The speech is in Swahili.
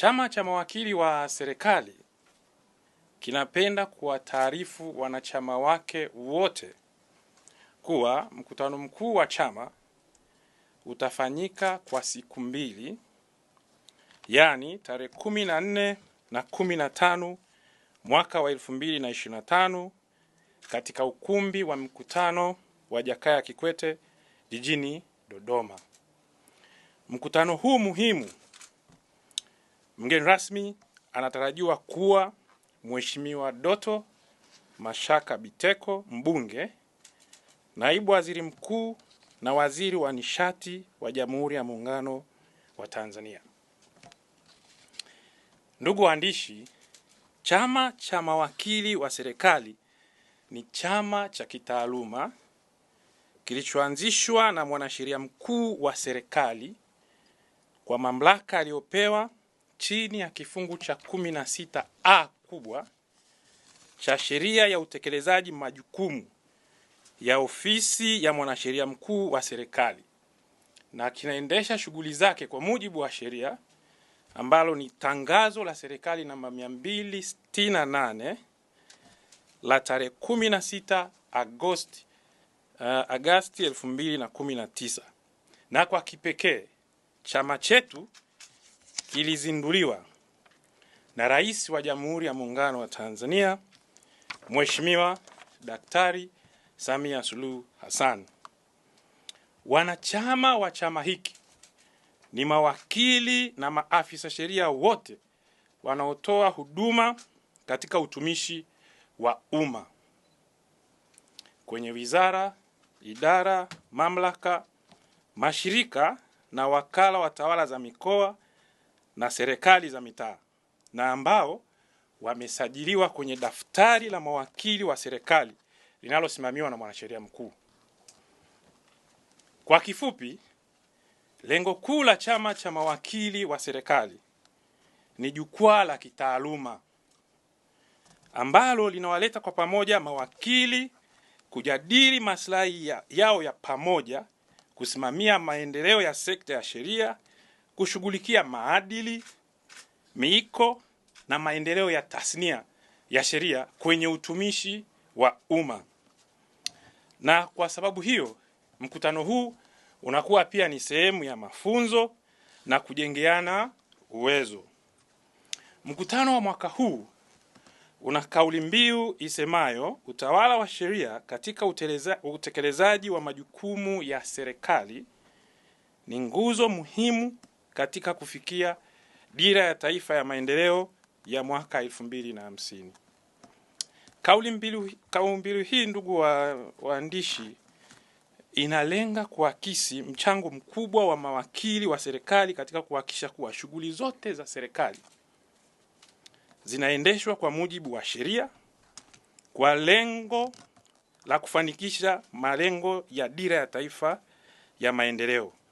Chama cha mawakili wa serikali kinapenda kuwataarifu wanachama wake wote kuwa mkutano mkuu wa chama utafanyika kwa siku mbili, yaani tarehe kumi na nne na kumi na tano mwaka wa elfu mbili na ishirini na tano katika ukumbi wa mkutano wa Jakaya Kikwete jijini Dodoma. Mkutano huu muhimu Mgeni rasmi anatarajiwa kuwa Mheshimiwa Doto Mashaka Biteko, mbunge, naibu waziri mkuu na waziri wa nishati wa Jamhuri ya Muungano wa Tanzania. Ndugu waandishi, Chama cha Mawakili wa Serikali ni chama cha kitaaluma kilichoanzishwa na mwanasheria mkuu wa serikali kwa mamlaka aliyopewa chini ya kifungu cha 16a kubwa cha sheria ya utekelezaji majukumu ya ofisi ya mwanasheria mkuu wa serikali na kinaendesha shughuli zake kwa mujibu wa sheria ambalo ni tangazo la serikali namba 268 la tarehe 16 Agosti uh, Agasti 2019 na kwa kipekee chama chetu ilizinduliwa na Rais wa Jamhuri ya Muungano wa Tanzania Mheshimiwa Daktari Samia Suluhu Hassan. Wanachama wa chama hiki ni mawakili na maafisa sheria wote wanaotoa huduma katika utumishi wa umma kwenye wizara, idara, mamlaka, mashirika na wakala wa tawala za mikoa na serikali za mitaa na ambao wamesajiliwa kwenye daftari la mawakili wa serikali linalosimamiwa na mwanasheria mkuu. Kwa kifupi, lengo kuu la chama cha mawakili wa serikali ni jukwaa la kitaaluma ambalo linawaleta kwa pamoja mawakili kujadili maslahi yao ya pamoja, kusimamia maendeleo ya sekta ya sheria kushughulikia maadili, miiko na maendeleo ya tasnia ya sheria kwenye utumishi wa umma. Na kwa sababu hiyo, mkutano huu unakuwa pia ni sehemu ya mafunzo na kujengeana uwezo. Mkutano wa mwaka huu una kauli mbiu isemayo utawala wa sheria katika uteleza, utekelezaji wa majukumu ya serikali ni nguzo muhimu katika kufikia dira ya taifa ya maendeleo ya mwaka elfu mbili na hamsini. Kauli mbiu kauli hii, ndugu waandishi, inalenga kuakisi mchango mkubwa wa mawakili wa serikali katika kuhakikisha kuwa shughuli zote za serikali zinaendeshwa kwa mujibu wa sheria kwa lengo la kufanikisha malengo ya dira ya taifa ya maendeleo.